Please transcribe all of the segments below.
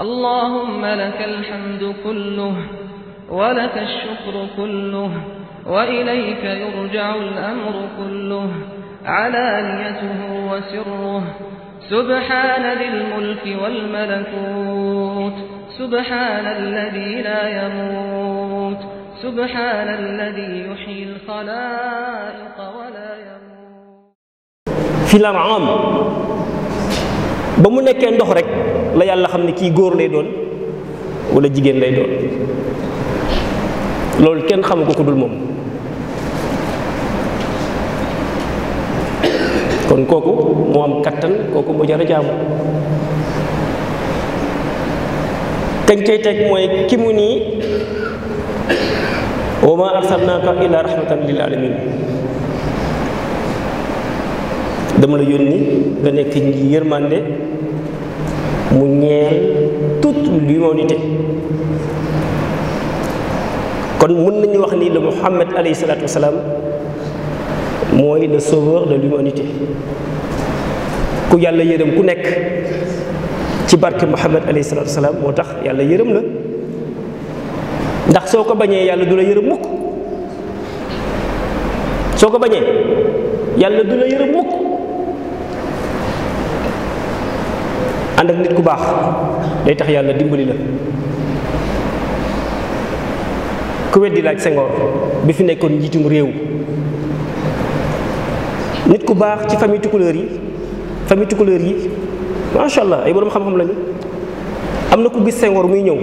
اللهم لك الحمد كله ولك الشكر كله وإليك يرجع الأمر كله علانيته وسره سبحان ذي الملك والملكوت سبحان الذي لا يموت سبحان الذي يحيي الخلائق ولا يموت في الأرعام ba mu nekkee ndox rek la yàlla xam ne kii góor lay doon walla jigéen lay doon loolu kenn xamu ko ku dul moom kon kooku moo am kattan kooku moo jar a jaamu kañ cay teg mooy ki mu nii wa ma arsalnaaka illa rahmatan lil alamin dama la yónni nga nekk yërmande mu ñeel toute l'humanité kon mën nañu wax ni le muhammad alayhi salatu wasalaam mooy le sauveur de l'humanité ku yàlla yërëm ku nek ci barke muhammad alayhi salatu wasalaam moo tax yàlla yërëm la ndax soo ko bañee yàlla du la mukk mukk ànd ak nit ku baax day tax yàlla dimbali la ku weddi laaj Senghor bi fi nekkoon njiitum réew nit ku baax ci famille couleur yi famille tukulóor yi macha allah ay borom xam-xam lañu am na ku gis sengoor muy ñëw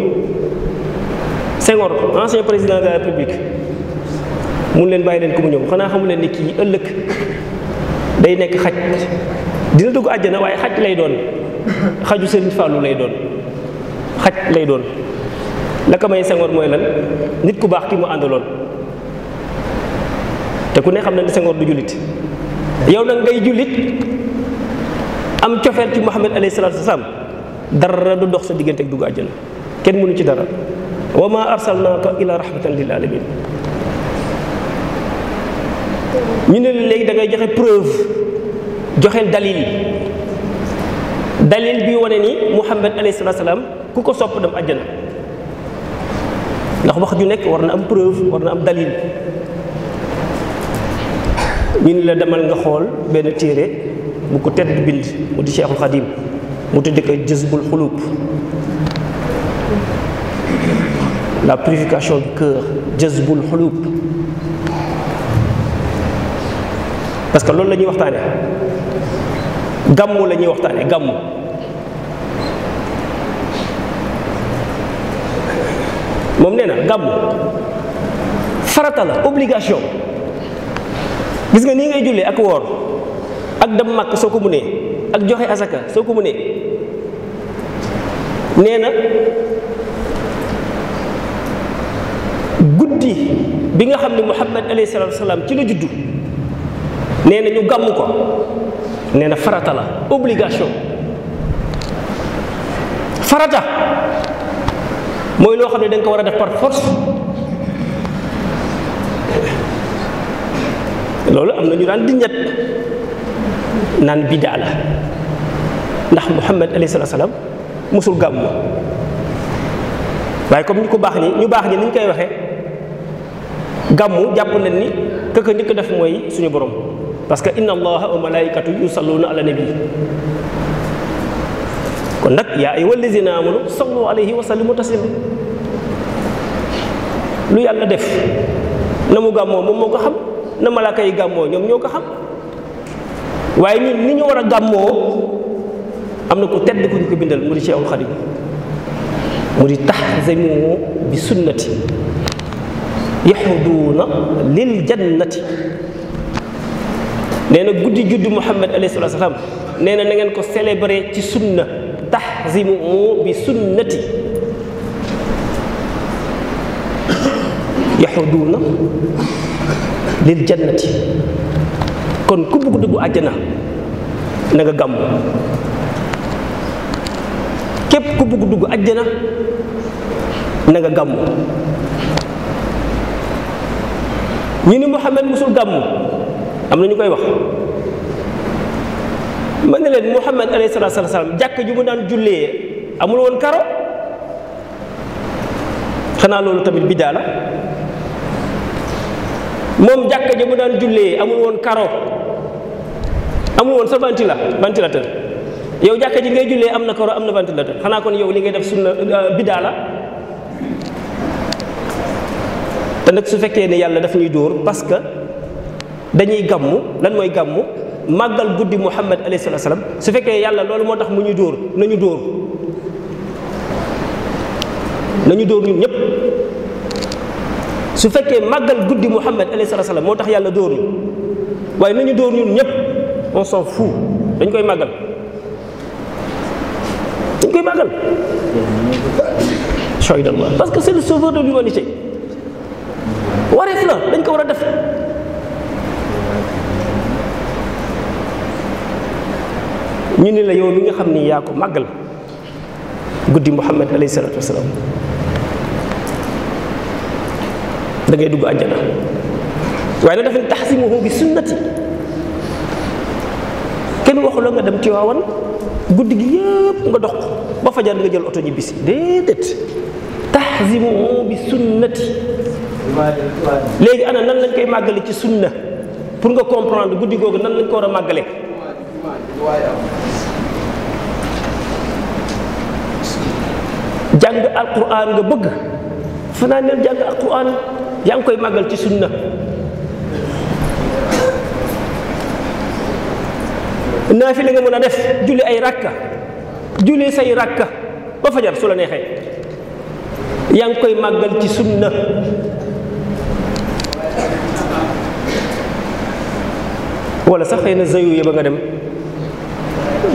Senghor ancien président de république mun leen bàyyi leen ku mu ñëw xanaa xamu leen ni kii ëllëg day nekk xaj dina dugg àjjana waaye xaj lay doon xaju seen Fallou lay doon xaj lay doon la ko may Senghor mooy lan nit ku baax ki mu àndaloon te ku ne xam na ne Senghor du jullit yow nag ngay jullit am cofeel ci Muhammad alayhi salaatu wasalaam dara du dox sa diggante ak dugg àjjana kenn mënu ci dara wa ma arsalnaaka ila rahmatan lil alamin ñu ne léegi da ngay joxe preuve joxe dalil dalil bi woné ni Muhammad alayhi salaatu salaam ku ko sopp dem aljana ndax wax ju nek warna am preuve warna am dalil ñu la demal nga xool benn téere bu ko tedd bind mu di Cheikhul Xadim mu tudde ko Jazbul Xulub la purification du cœur Jazbul Xulub parce que loolu la ñuy waxtaane gàmmu la ñuy moom nee na gàmmu farata la obligation gis nga nii ngay jullee ak woor ak dem màkk soo ko mu nee ak joxe asaka soo ko mënee nee na guddi bi nga xam ne Muhammad alayhi salaatu salaam ci la juddu nee na ñu gàmm ko nee na farata la obligation farata mooy loo xam ne da ko war a def par force loolu am na ñu daan dinjat naan biddaa la ndax muhammad alayhi salaatu salaam mosul gàmmu waaye comme ñu ko baax ni ñu baax ni ni ñu koy waxee gàmmu jàpp nañ ni këkk njëkk def mooy suñu borom parce que inna allaha wa malaikatu yusalluna ala nabi kon nag yaa ayyuha allazina amanu sallu alayhi wa sallimu taslima lu yàlla def na mu gàmmoo moom moo ko xam na malaaka yi gàmmoo ñoom ñoo ko xam waaye ñun ni ñu war a gàmmoo am na ku tedd ku ñu ko bindal mu di Cheikhul Khadim mu di tahzamu bi sunnati yaxuduuna lil jannati nee na guddi juddu Muhammad alayhi salaam nee na na ngeen ko célébrer ci sunna taxzimu bi sunnati yaxuduuna lil jannati kon ku bugg dugg àjjana na nga gàmmu képp ku bugg dugg àjjana na nga gàmmu ñu ni Muhammad musul gàmmu am na ñu koy wax mën na leen Muhammad alayhi salaatu wa salaam jàkk ji mu daan jullee amul woon karo xanaa loolu tamit biddaa la moom jàkk ja mu daan jullee amul woon karo amul woon sa ventila ventilateur yow jàkk ji ngay jullee am na karo am na ventilateur xanaa kon yow li ngay def sunna euh, biddaa la te nag su fekkee ne yàlla daf ñuy dóor parce que dañuy gàmmu lan mooy gàmmu màggal guddi muhammad alayhi salaatu salaam su fekkee yàlla loolu moo tax mu ñu dóor nañu dóor nañu dóor ñun ñëpp su fekkee màggal guddi muhammad alayhi salaam moo tax yàlla dóor ñu waaye nañu dóor ñun ñëpp dañ koy màggal dañ koy màggal parce que c'est le sauveur de l'humanité wareef la dañ ko war a def ñu ni la yow mi nga xam ni ko màggal guddi muhammad alayhi salatu wasalaam da ngay dugg àjjana waaye nag dafa ni bi sunnati kenn waxula nga dem tiwaawan guddi gi yépp nga dox ba fajar nga jël oto ñibbisi déedéet taxsimuhu bi sunnati léegi ana nan lañ koy màggale ci sunna pour nga comprendre guddi googu nan lañ ko war a jàng alquran nga bëgg fanaaneel jàng alquran yaa ngi koy màggal ci sunna naafi la nga mën a def julli ay rakka julli say rakka ba fajar su la neexee yaa ngi koy màggal ci sunna wala sax xëy na zayu ya ba nga dem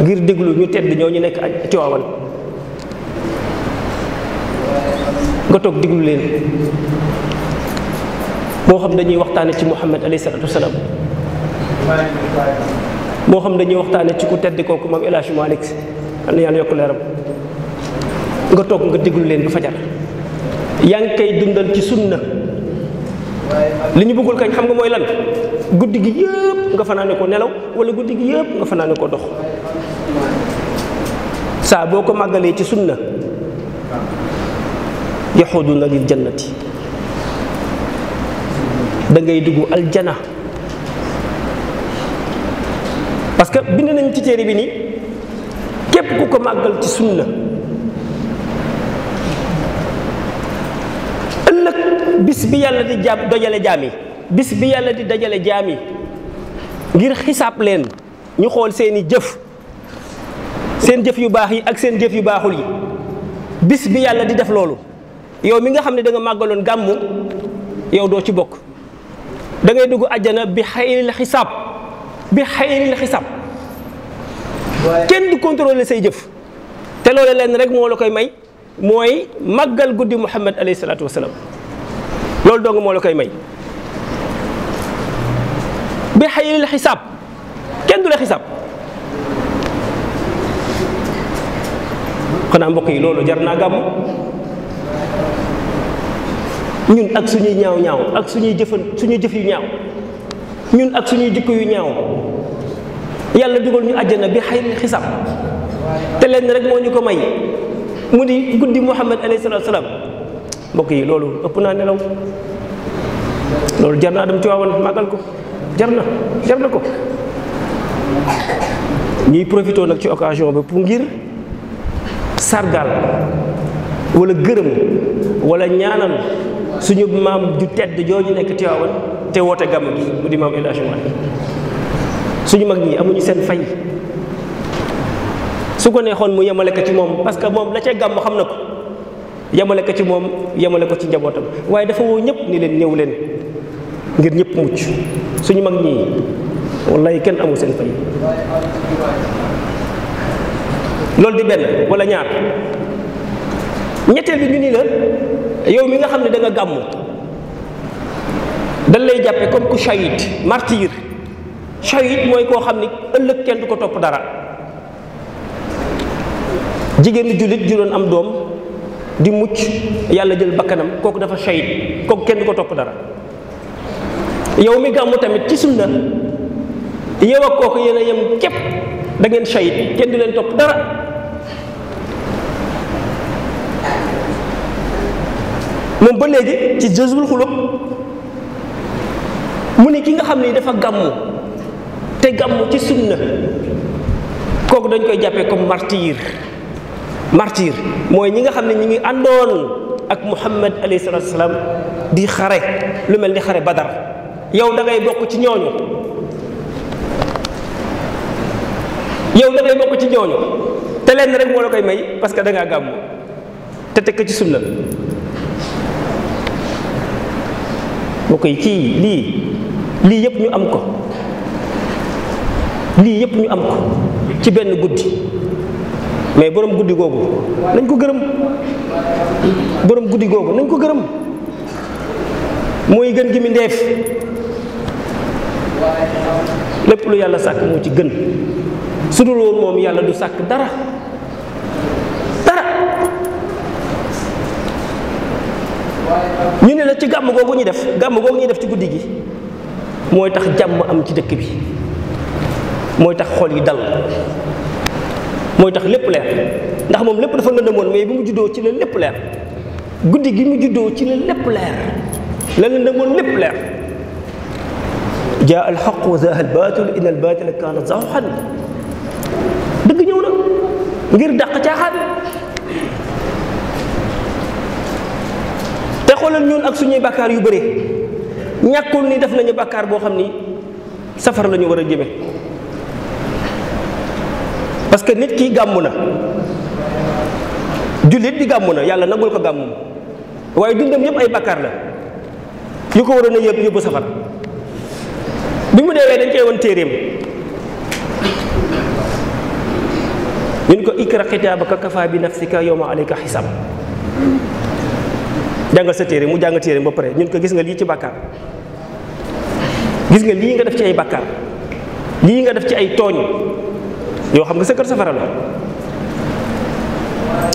ngir déglu ñu tedd ñoo ñu nekk ak Tiwaawan nga toog diglu leen moo xam dañuy waxtaane ci muhammad alayhi salaatu wasalaam moo xam dañuy waxtaane ci ku tedd kooku moom El Hadj Malick na yàlla nga toog nga déglu leen ba fajar yaa ngi kay dundal ci sunna li ñu bëggul kañ xam nga mooy lan guddi gi yëpp nga fanaane ko nelaw wala guddi gi yëpp nga fanaane ko dox saa boo ko màggalee ci sunna yaxuduna lil jannati da ngay dugg aljana parce que bind nañ ci téere bi ni képp ku ko màggal ci sunna ëllëg bis bi yàlla di jaam dajale jaam yi bis bi yàlla di dajale jaam yi ngir xisaab leen ñu xool seeni jëf seen jëf yu baax yi ak seen jëf yu baaxul yi bis bi yàlla di def loolu yow mi nga xam ne danga nga màggaloon gàmmu yow doo ci bokk dangay dugg àjjana bi xayril xisaab bi xayril xisaab kenn du contrôler say jëf te loolu leen rek moo la koy may mooy màggal guddi Muhammad alayhi salaatu wasalaam loolu dong moo la koy may bi xayril xisaab kenn du la xisaab xanaa mbokk yi loolu jar naa gàmmu ñun ak suñuy ñaaw ñaaw ak suñuy jëfan suñu jëf yu ñaaw ñun ak suñuy jikko yu ñaaw yàlla dugal ñu àjjana bi xayri xisaab te lenn rek moo ñu ko may mu di guddi muhammad alayhi salaatu salaam mbokk yi loolu ëpp naa nelaw loolu jar na adam ci waawoon màggal ko jar na jar na ko ñuy profité nag ci occasion bi pour ngir sargal wala gërëm walla ñaanal suñu maam ju tedd jooju nekk Tiwaawan te woote gàmm gi mu di maam suñu mag ñii amuñu seen fay su ko neexoon mu yemale ko moom parce que moom la ca gàmm xam na ko yemale ko ci moom yemale ko ci njabootam waaye dafa woo ñëpp ni leen ñëw leen ngir ñëpp mucc suñu mag ñi wallahi kenn amul seen fay loolu di benn wala ñaar ñetteel bi ñu ni la yow mi nga xam ne danga nga gàmmu dañ lay jàppe comme ku shahid martyr shahid mooy koo xam ni ëllëg kenn du ko topp dara jigéenu jullit ju doon am doom di mucc yàlla jël bakkanam kooku dafa shahid kooku kenn du ko topp dara yow mi gàmmu tamit ci sunna yow ak kooku yéen a yem képp da ngeen shahid kenn du leen topp dara moom ba léegi ci jazbul xulub mu ne ki nga xam ne dafa gàmmu te gàmmu ci na kooku dañ koy jàppee comme martyr martyr mooy ñi nga xam ne ñi ngi àndoon ak muhammad alayhi salaatu salaam di xare lu mel ni xare badar yow da ngay bokk ci ñooñu yow da ngay bokk ci ñooñu te lenn rek moo la koy may parce que da ngaa gàmmu te teg ko ci sunna mbokk yi lii lii yëpp ñu am ko lii yëpp ñu am ko ci benn guddi mais boroom guddi googu nañ ko gërëm boroom guddi googu nañ ko gërëm mooy gën gi mi ndeef lépp lu yàlla sàkk moo ci gën su dul woon moom yàlla du sàkk dara la ci gàmm googu ñu def gàmm googu ñu def ci guddi gi mooy tax jàmm am ci dëkk bi mooy tax xol yi dal mooy tax lépp leer ndax moom lépp dafa lëndëmoon mais bi mu juddoo ci la lépp leer guddi gi mu juddoo ci la lépp leer la lépp leer jaa al xaq wa zaha al baatil inna kaana zahuqan dëgg ñëw na ngir dàq caaxaan xoolal ñun ak suñuy bakkaar yu bëri ñàkkul ni def nañu bakkaar boo xam ni safar la ñu war parce que nit ki gàmm na julit di gàmm na yàlla nagul ko gàmmum waaye dundam yépp ay bakkaar la yu ko waroon a yëpp yóbbu safar bi mu deewee dañ cee woon téeréem ñun ko ikra xitaabaka kafa bi nafsika yowma alayka xisab jàngal sa téere mu jàng téere ba pare ñun ko gis nga lii ci bàkkaar gis nga lii nga def ci ay bàkkaar lii nga def ci ay tooñ yoo xam nga sa kër safara la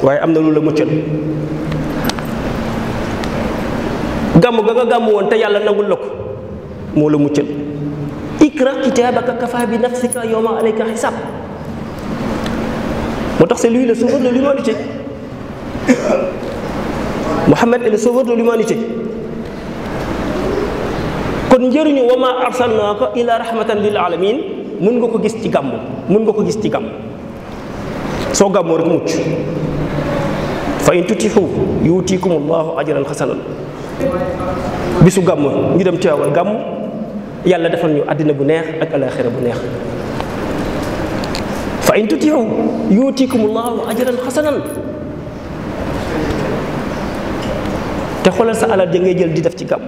waaye am na lu la muccal gàmm ga nga gàmm woon te yàlla nangul la ko moo la muccal ikra kitaabaka kafa bi nafsika yawma alayka xisaab moo tax c'est lui le sauveur de l'humanité Mohammed est le sauveur de l'humanité kon njëriñu wa maa arsalnaaka illa rahmatan lil alamin mun nga ko gis ci gàmm mun nga ko gis ci gàmmu soo gàmmoo rek mucc fa in tutixu yuutikum allahu ajran xasanan bisu gàmmu ñu dem teewal gàmmu yàlla defal ñu àddina bu neex ak alaxira bu neex fa in tutixu yuutikum allahu ajran xasanan te xoolal sa alal di ngay jël di def ci gàmm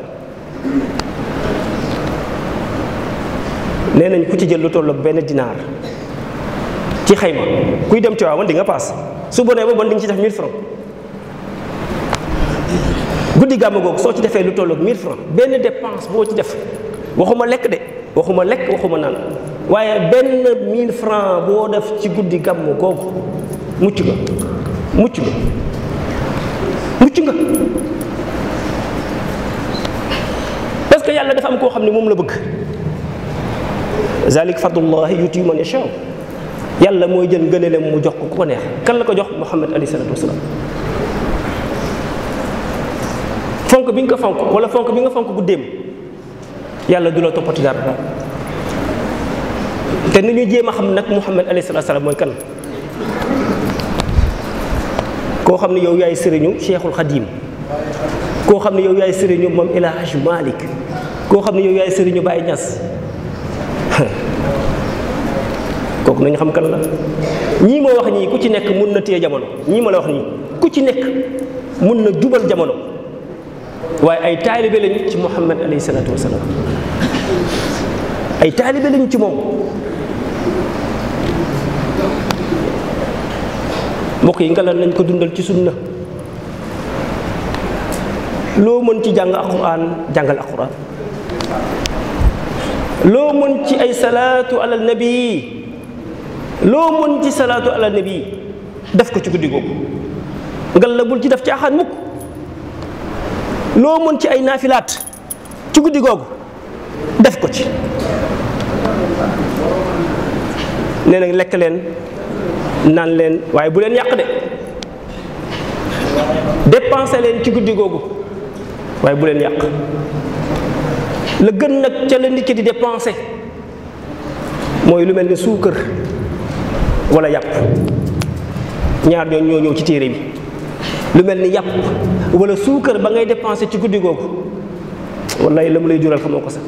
nee nañ ku ci jël lu tolloog benn dinaar ci ma kuy dem Tiwaawan di nga paas su bonee ba bon di nga ci def 1000 francs guddi gàmm googu soo ci defee lu tolloog 1000 francs benn dépense boo ci def waxuma lekk de waxuma lekk waxuma naan waaye benn 1000 francs boo def ci guddi gàmm googu mucc nga mucc nga mucc nga yàlla dafa am ko xamni mom la bëgg zalik fadullah yuti man yasha yàlla moy jël ngëneelam mu jox ko ko neex kan la ko jox muhammad ali alayhi salatu wasalaam fonk bi nga ko fonk wala fonk bi nga fonk bu dem yàlla du la toppati dara te ni ñu jéma xam nak muhammad ali alayhi salatu wasalaam mooy kan ko xamni yow yaay sëriñu cheikhul khadim ko xamni yow yaay sëriñu mom El malik koo xam ne yow yaay sëriñu Baye Niass kooku nañu xam kan la ñii ma wax nii ku ci nekk mun na téye jamono ñii ma la wax nii ku ci nekk mun na jubal jamono waaye ay taalibe lañu ci Muhammad alayhi salaatu wasalaam ay taalibe lañu ci moom mbokk yi ngelaw nañ ko dundal ci sunna loo mën ci jàng alquran jàngal alquran loo mën ci ay salaatu alal nabi yi loo mën ci salaatu alal nabi yi def ko ci guddi googu ngal la ci def caaxaan mukk loo mën ci ay naafilaat ci guddi googu def ko ci nee na lekk leen naan leen waaye bu leen yàq de dépensé leen ci guddi googu waaye bu leen yàq la gën nag ca la nit di dépensé mooy lu mel ni suukar walla yàpp ñaar ñoo ñoo ñëw ci téere bi lu mel ni yàpp wala suukar ba ngay dépensé ci guddi googu wallaay la mu lay jural xamoo ko sax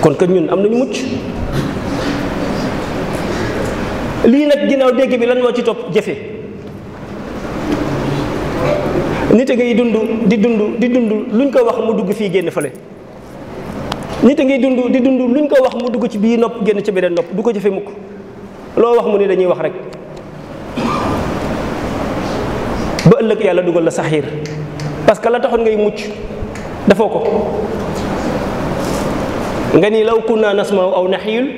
kon que ñun am nañu mucc lii nag ginnaaw dégg bi lan moo ci topp jëfe nit a ngay dund di dund di dund luñ ko wax mu dugg fii génn fële nit a ngay dund di dund luñ ko wax mu dugg ci bii nopp génn ci beneen nopp du ko jëfe mukk loo wax mu ne dañuy wax rek ba ëllëg yàlla dugal la saxiir parce que la taxoon ngay mucc dafoo ko nga ni naa kunna nasma'u aw naxiyul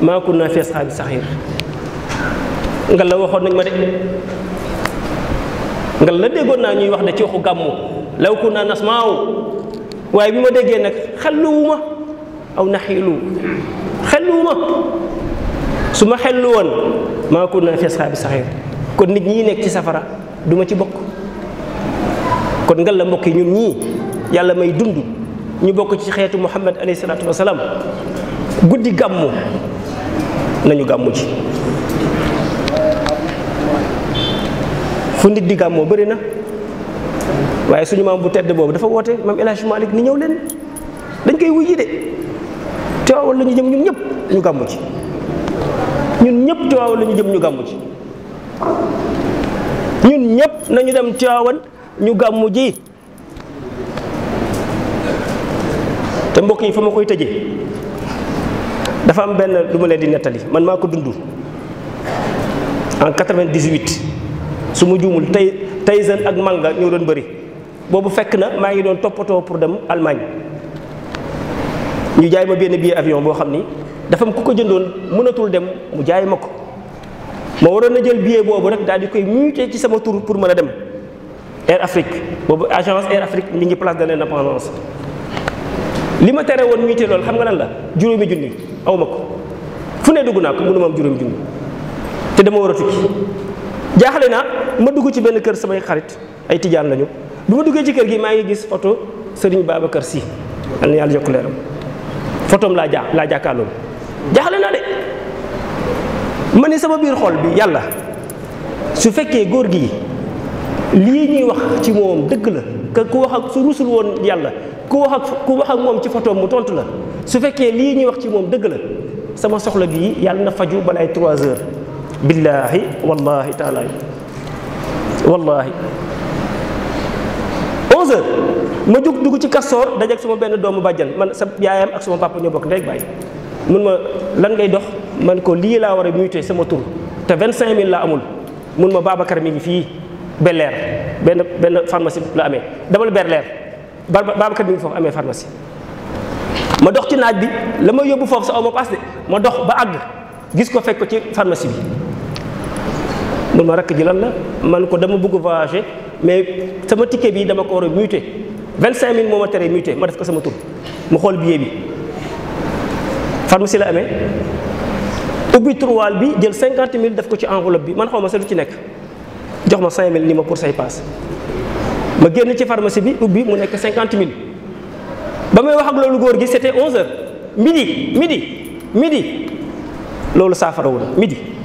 maa kunna fi asxaabi saxiir nga la waxoon nañ ma de nga la déggoon naa ñuy wax de ci waxu gàmmu law nas nasmaaw waaye bi ma déggee nag xelluwuma aw naxiilu xelluwuma su ma xellu woon maa kunna fi asxaabi saxiir kon nit ñi nekk ci safara duma ci bokk kon nga la mbokk yi ñun ñii yàlla may dund ñu bokk ci xeetu muhammad alayhi salaatu wasalaam guddi gàmmu nañu gàmmu ci fu nit di gàmmoo bëri na waaye suñu maam bu tedd boobu dafa woote maam El Hadj ni ñëw leen dañ koy wuy yi de Tiwaawan la ñu jëm ñun ñëpp ñu gàmmu ci ñun ñëpp Tiwaawan la jëm ñu gàmmu ñun ñëpp nañu dem Tiwaawan ñu gàmmu ji te mbokk yi fa ma koy tëjee dafa am benn lu ma leen di nettali man maa ko dund en 98 su ma juumul tey Tyson ak Manga ñoo doon bëri boobu fekk na maa ngi doon toppatoo pour dem Allemagne ñu jaay ma benn billet avion boo xam ni dafa am ku ko jëndoon mënatul dem mu jaay ma ko ma waroon na jël billet boobu rek daal di koy muté ci sama tur pour mën a dem Air Afrique boobu agence Air Afrique ni ngi place de l'Indépendance li ma tere woon muté loolu xam nga lan la juróomi junni aw ma ko fu ne dugg naa ko mënuma am juróomi junni te dama war a tukki jaaxle na ma dugg ci benn kër samay xarit ay tijaan lañu bi ma duggee ci kër gi maa ngi gis photo Serigne Babacar Sy yal na yàlla yokk leeram photom laa jaa laa jàkkaarloo jaaxle na de ma ni sama biir xol bi yàlla su fekkee góor gi lii ñuy wax ci moom dëgg la que ku wax ak su rusul woon yàlla ku wax ak ku wax ak moom ci photom mu tontu la su fekkee lii ñuy wax ci moom dëgg la sama soxla gi yàlla na faju balaay 3 heures billahi wallahi taala wallahi onze heures ma jug dugg ci kastoor dajeeg sama benn doomu bàjjan man sa yaayam ak sama papa ñoo bokk ndey bàyyi mun ma lan ngay dox man ko lii laa war a muyte sama tur te 25000 la amul mun ma Babacar mi ngi fii belleer benn benn pharmacie la amee demal berleer Babacar mi ngi foofu amee pharmacie ma dox ci naaj bi la ma yóbbu sa aw ma de ma dox ba gis ko fekk ko ci pharmacie bi mun ma rakk ji lan la man ko dama bëgg voyager mais sama ticket bi dama ko war a muté vingt cinq mille moo ma teree muté ma def ko sama tur mu xool billet bi pharmacie la amee ubbi trois bi jël cinquante mille def ko ci enveloppe bi man xawma sa lu ci nekk jox ma cinq mille ni ma pour say passe ma génn ci pharmacie bi ubbi mu nekk cinquante mille ba may wax ak loolu góor gi c'était onze heures midi midi midi loolu saafarawu na midi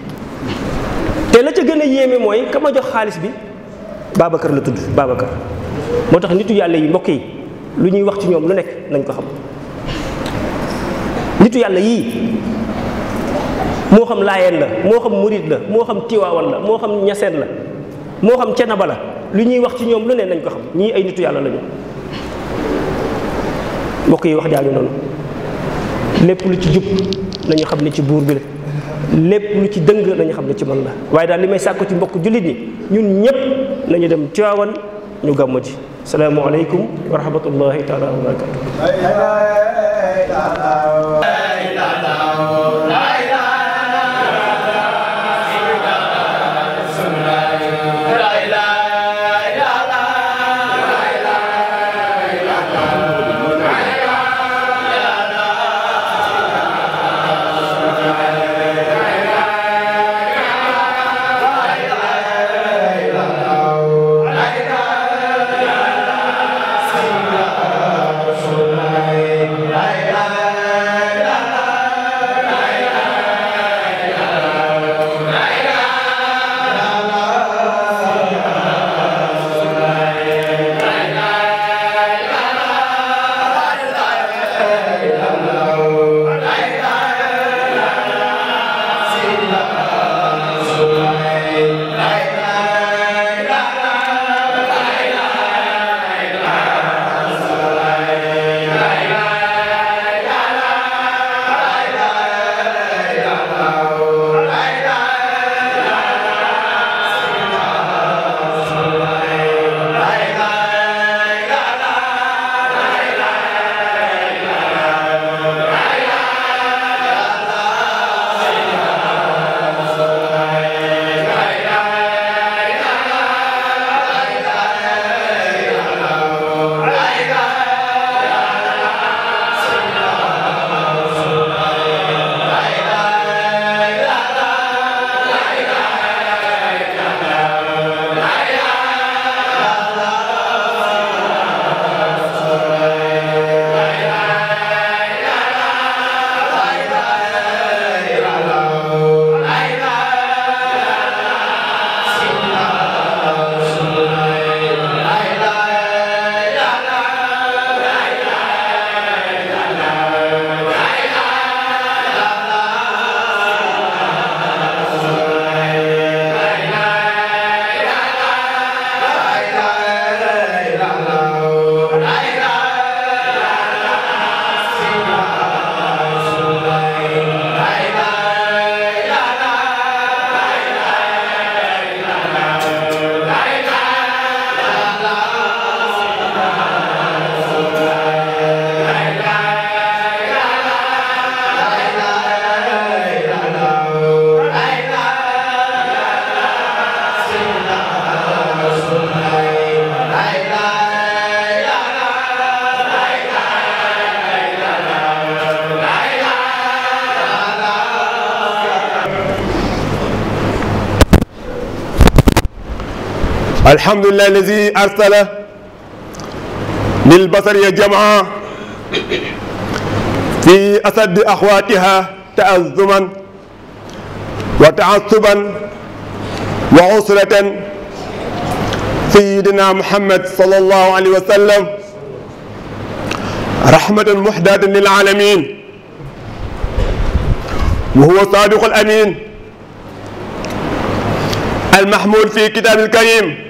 te la ca gën a yéeme mooy ka ma jox xaalis bi baabakër la tudd Babacar moo tax nitu yàlla yi mbokk yi lu ñuy wax ci ñoom lu nekk nañ ko xam nitu yàlla yii moo xam laayeen la moo xam muriit la moo xam tiwaawal la moo xam ñaseen la moo xam cenaba la lu ñuy wax ci ñoom lu ne nañ ko xam ñii ay nitu yàlla la lañu mbokk yi wax jaañu noonu lépp lu ci jub nañu xam ni ci buur bi lépp lu ci dëng nañu xam ne ci man la waaye daal li may sàkku ci mbokk jullit ñi ñun ñëpp nañu dem Tiwaawan ñu gàmmu ci salaamaaleykum wa rahmatullahi taala wa barakatu الحمد لله الذي أرسل للبصر يا جماعة في أسد أخواتها تأزما وتعصبا وعسرة سيدنا محمد صلى الله عليه وسلم رحمة محدة للعالمين وهو الصادق الأمين المحمود في كتاب الكريم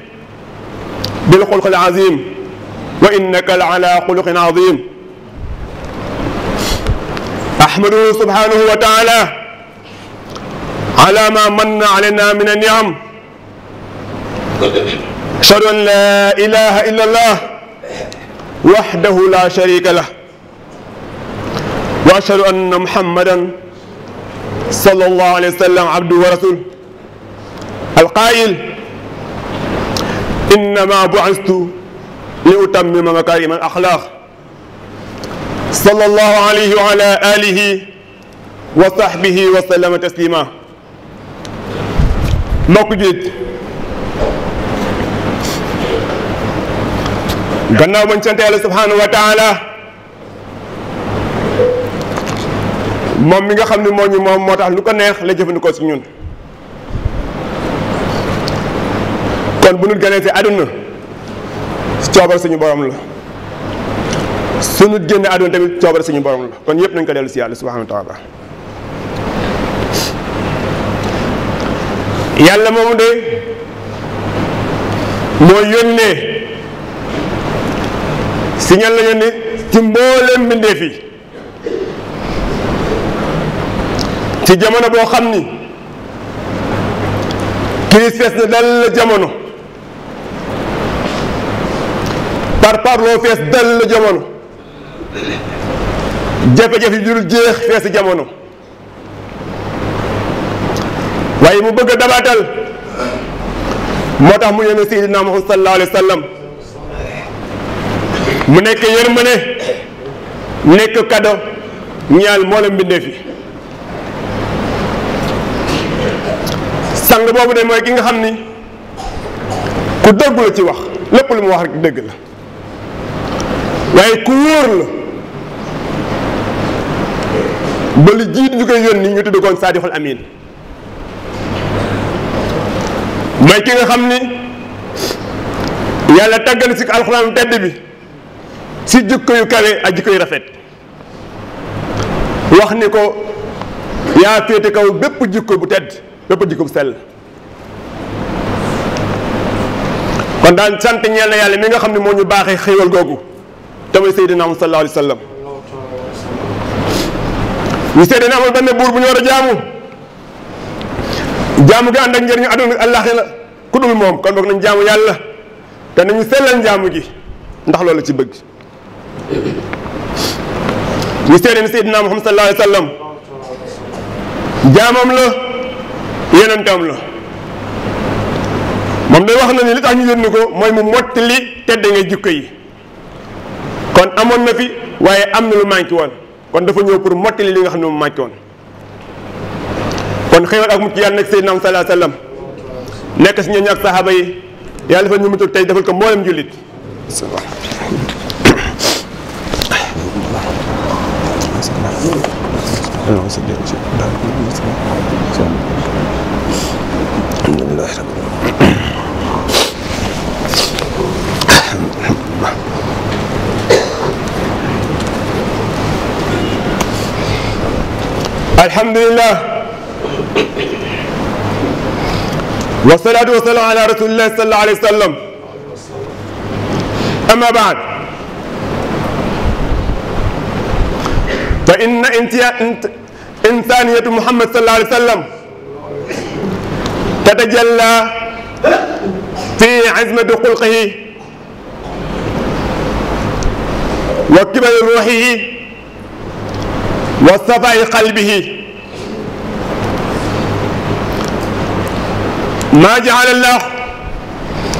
بالخلق العظيم وإنك لعلى خلق عظيم أحمده سبحانه وتعالى على ما من علينا من النعم أشهد أن لا إله إلا الله وحده لا شريك له وأشهد أن محمدا صلى الله عليه وسلم عبده ورسوله القائل إنما بعثت لأتمم مكارم الأخلاق صلى الله عليه وعلى آله وصحبه وسلم تسليما موجود غنى من شانت الله سبحانه وتعالى مم ميغا خامني مو ني مو موتاخ لوكو نيه لا جيفنديكو سي kon bu nu ganee aduna coobar suñu borom la suñu génne aduna tamit coobar suñu borom la kon yépp nañ ko dellu si yàlla subhanahu wa taala yàlla moomu de moo yónnee si ñan la yónnee ci mbooleem mbindeef yi ci jamono boo xam ni na dal jamono par par loo fees dal jamono jafe-jafe yu dul jeex feesi jamono waaye mu bëgg a dabaatal moo tax mu yónni Seydina Muhammad sallallahu alayhi wa sallam mu nekk yërmande nekk cadeau ñaal moo la mbindeef yi sang boobu de mooy ki nga xam ni ku dëggu ci wax lépp lu mu wax rek dëgg la. waaye ku wóor la ba li jiit ñu koy yónni ñu tudd koon saadixul amin mooy ki nga xam ni yàlla tàggal si alxuraan tedd bi si jikko yu kawe ak jikko yu rafet wax ni ko yaa féete kaw bépp jikko bu tedd bépp jikko bu sell kon daan sant ñeel na yàlla mi nga xam ne moo ñu baaxee xéewal googu tamay Seydina Muhammad sallallahu alayhi wa ñu seede ne amul benn buur bu ñu war a jaamu jaamu gi ànd ak la ku dul moom kon boog nañ jaamu yàlla te nañu sellal jaamu gi ndax loolu la ci bëgg ñu seede ne Seydina Muhammad sallallahu alayhi wa jaamam la yonentam la moom day wax na ni li tax ñu yónni ko mooy mu mottali tedde ngay jikko yi kon amoon na fi waaye am na lu mànk woon kon dafa ñëw pour mottali li nga xam ne mu manqué woon kon xéewal ak mucc yàlla nekk Seydina sallallahu alayhi wa yi yàlla dafa ñu mutul tey defal ko mboolem jullit الحمد لله والصلاة والسلام على رسول الله صلى الله عليه وسلم أما بعد فإن إنسانية محمد صلى الله عليه وسلم تتجلى في عزمة خلقه وكبر روحه وصفاء قلبه ما جعل الله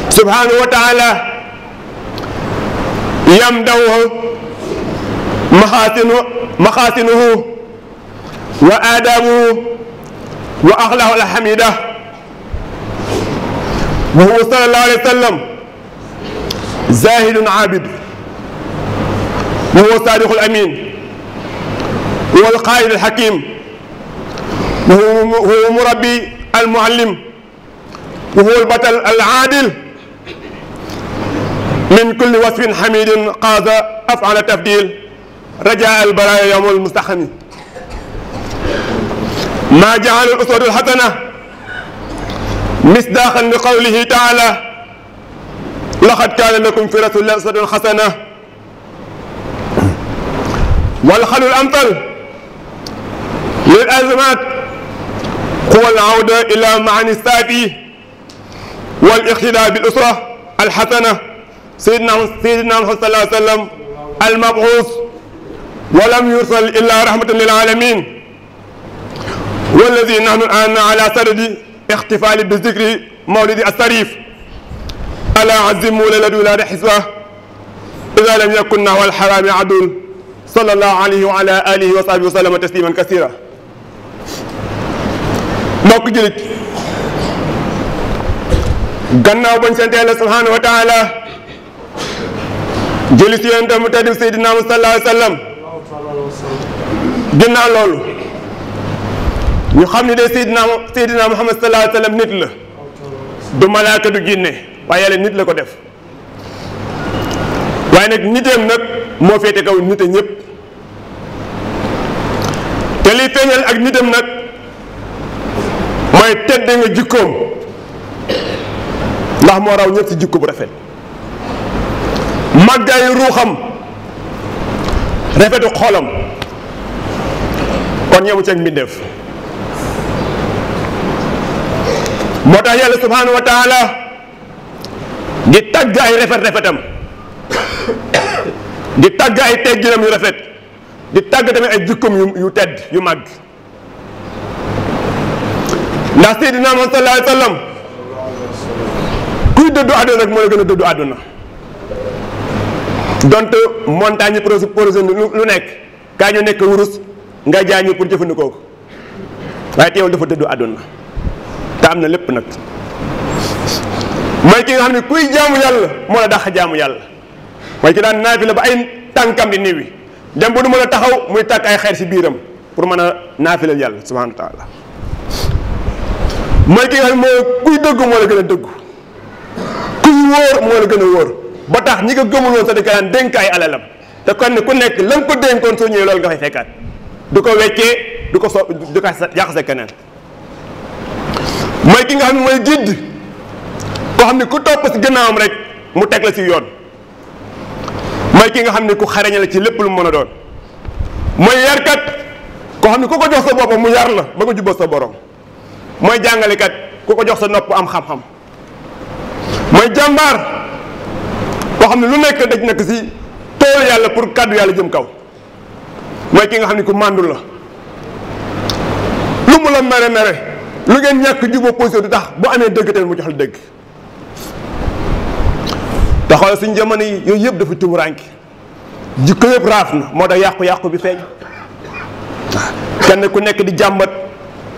سبحانه وتعالى يمدوه محاسنه, محاسنه وآدابه وأخلاقه الحميدة وهو صلى الله عليه وسلم زاهد عابد وهو صادق الأمين هو القائد الحكيم وهو مربي المعلم وهو البطل العادل من كل وصف حميد قاد أفعل تفديل رجاء البرايا يوم المستحم ما جعل الأسود الحسنة مصداقا لقوله تعالى لقد كان لكم في رسول الله أسود حسنة والخل الأمثل للأزمات هو العودة إلى معنى السافي والإخلاء بالأسرة الحسنة سيدنا سيدنا محمد صلى الله عليه وسلم المبعوث ولم يرسل إلا رحمة للعالمين والذي نحن الآن على سرد احتفال بذكر مولد الشريف ألا عزموا ليلة لا حسبة إذا لم يكن نحو الحرام عدل صلى الله عليه وعلى آله وصحبه وسلم تسليما كثيرا mbokk julit gannaaw bañ sante yàlla subhanahu wa taala julit si yonent mu tedd seydina mu sallallahu alayhi wa sallam ginnaaw loolu ñu xam ne de seydina seydina muhammad sallallahu alayhi wa sallam nit la du malaaka du ginne waaye yàlla nit la ko def waaye nag niteem nag moo féete kaw nite ñëpp te liy feeñal ak nitam nag waaye tedde nga jikkoom ndax moo raw ñëpp ci jikko bu rafet màggaayu ruuxam rafetu xolam kon ñemu ceeg mbindeef moo tax yàlla subhanahu wa taala di tàgg ay rafet rafetam di tagg ay tegginam yu rafet di tàgg tamit ay jikkoom yu yu tedd yu màgg ndax seydina moom sallallahu alayhi wa sallam kuy dëddu àdduna rek moo la gën a dëddu àdduna donte montagne projet projet lu nekk kaa ñu nekk wurus nga jaay ñu pour jëfandikoo ko waaye teewul dafa dëddu àdduna te am na lépp nag mooy ki nga xam ne kuy jaamu yàlla moo la dax jaamu yàlla mooy ki daan la ba ay tànkam di niwi dem bu du mën a taxaw muy tàkk ay xeer si biiram pour mën a naafilal yàlla subhanahu wa taala mooy ki nga xam kuy dëggu moo gën a dëggu kuy gën a ba tax ñi ko gëmul woon sax di ko te kon ne ku nekk la ko dénkoon soo ñëwee loolu nga fay fekkaat du ko weccee du ko so du ko jaxase keneen mooy ki nga xam ne mooy gidd koo xam ne ku topp si gannaawam rek mu teg la si yoon mooy ki nga xam ne ku xarañ ci lépp lu mën a doon mooy yarkat xam ne ko jox sa boppam mu yar la ba nga jubal sa borom mooy jàngalekat ku ko jox sa nopp am xam-xam mooy jàmbaar boo xam ne lu nekk daj nekk si toolu yàlla pour kàddu yàlla jëm kaw mooy ki nga xam ne ku màndul la lu mu la mere mere lu ngeen ñàkk juboo position du tax bu amee dëgg tamit mu jox la dëgg te xoolal suñ jamono yi yooyu yëpp dafa tumuraanki jikko yëpp raaf na moo tax yàqu-yàqu bi feeñ kenn ku nekk di jàmbat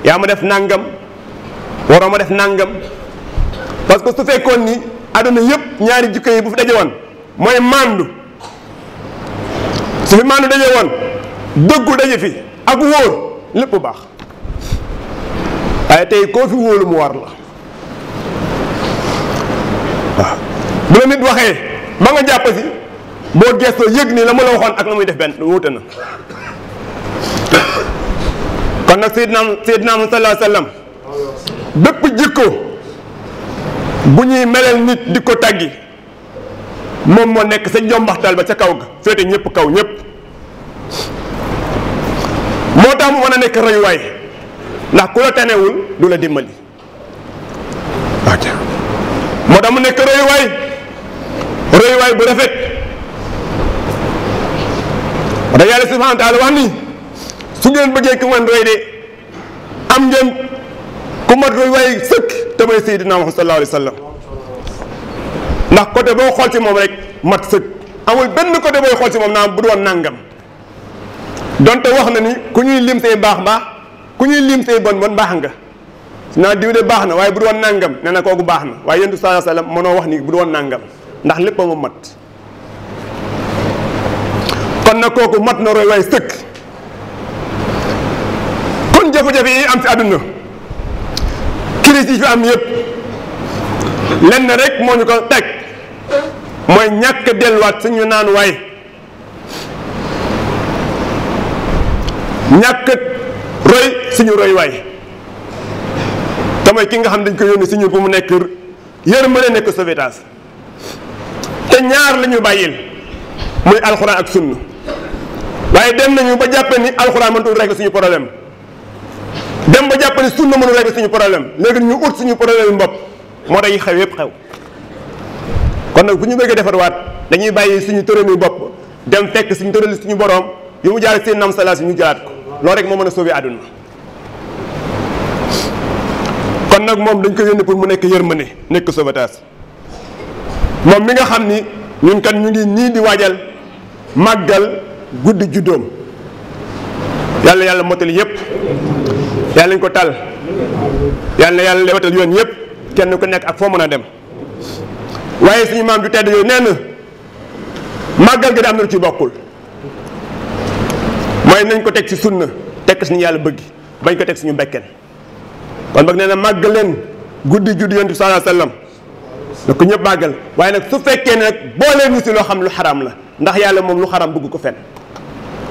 yaa ma def nàngam waroo ma def nàngam parce que su fekkoon ni àdduna yëpp ñaari jikko yi bu fi daje woon mooy màndu su fi màndu daje woon dëggu daje fi ak wóor lépp bu baax waaye tey koo fi wóolu mu war la waaw bu la nit waxee ba nga jàpp si boo gestoo yëg ni la mu la waxoon ak la muy def benn wuute na kon nag Seydina Seydina Muhammad sallallahu alayhi bépp jikko bu ñuy melal nit di ko tàggi moom moo nekk sa jombaxtal ba ca kaw ga féete ñëpp kaw ñépp moo tax mu mën a nekk royuwaay ndax ku la tanewul du la dimbali moo tax mu nekk royuwaay royuwaay bu rafet da yàlla subhanahu wa taala wax ni su ngeen bëggee ku ngeen roy de am ngeen ku mat roy waaye sëkk te mooy Seydina Muhammad sallallahu alayhi wa sallam ndax côté boo xool ci moom rek mat sëkk amul benn côté booy xool ci moom naa bu doon nangam donte wax na ni ku ñuy lim say baax baax ku ñuy lim say bon bon baax nga naa diwle baax na waaye bu doon nangam nee na kooku baax na waaye yentu saa sallam mënoo wax ni bu doon nangam ndax lépp moom mat mat na roy waay sëkk kon jafe-jafe yi am ci àdduna crise yi fi am yëpp lenn rek moo ñu ko teg mooy ñàkk delluwaat suñu naan waay ñàkk roy suñu roy waay te mooy ki nga xam dañ ko yónni suñu bu mu nekk yërmande nekk sauvetage te ñaar lañuy ñu bàyyil muy alxuraan ak sunna waaye dem nañu ba jàppe ni alxuraan mënatul régler suñu problème dem ba jàppale ne sunna suñu problème léegi ñu ut suñu problème yu bopp moo tax yi xew yépp xew kon nag bu ñu bëggee defarwaat dañuy bàyyi suñu tërëm yu bopp dem fekk suñu tërali suñu boroom yi mu jaar seen nam salaas yi ñu jëlaat ko loolu rek moo mën a sauver àdduna kon nag moom dañ ko yónni pour mu nekk yërmande nekk sauvetage moom mi nga xam ni ñun kat ñu ngi nii di waajal màggal guddi juddoom yàlla yàlla mottali yépp yàlla nañ ko tal yàlla yàlla lewatal yoon ñëpp kenn ku nekk ak foo mën a dem waaye suñu maam ju tedd yooyu nee màggal ga da am na lu ci bokkul mooy nañ ko teg ci sunna teg suñu yàlla bëgg bañ ko teg suñu bekken kon boog nee na màggal leen guddi juddi yonent bi sallallahu alayhi ko ñëpp màggal waaye nag su fekkee ne nag boo leen ñu loo xam lu xaram la ndax yàlla moom lu xaram bëgg ko fen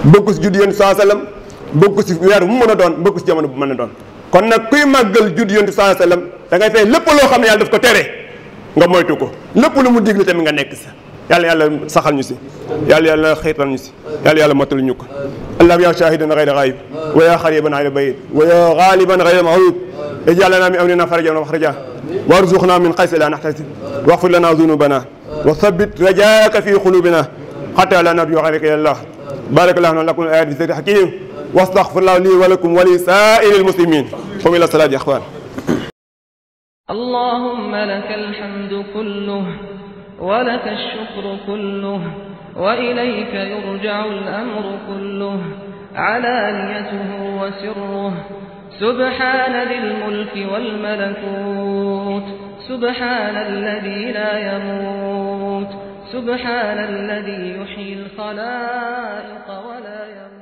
bëgg juddi yonent bi sallallahu bëgg ko si weer bu mu mën a doon bëgg ko si jamono bu mën a doon kon nag kuy màggal judd yonent bi sallallahu alayhi wasallam da ngay fexe lépp loo xam ne yàlla daf ko tere nga moytu ko lépp lu mu digle tamit nga nekk sa yàlla yàlla saxal ñu si yàlla yàlla xëytal ñu si yàlla yàlla matal ñu ko allahum yaa shahidan ghayra ghaib wa yaa xariban ghayra bayid wa yaa ghaliban ghayra ma'ud ij'al lana min amrina farajan wa makhraja warzuqna min qaysi la nahtasib waghfir lana dhunubana wa thabbit rajaaka fi qulubina hatta la narju ghayraka ilallah barakallahu lakum ayat bi zikri hakim واستغفر الله لي ولكم ولسائر المسلمين قم الى الصلاه يا اخوان اللهم لك الحمد كله ولك الشكر كله وإليك يرجع الأمر كله علانيته وسره سبحان ذي الملك والملكوت سبحان الذي لا يموت سبحان الذي يحيي الخلائق ولا يموت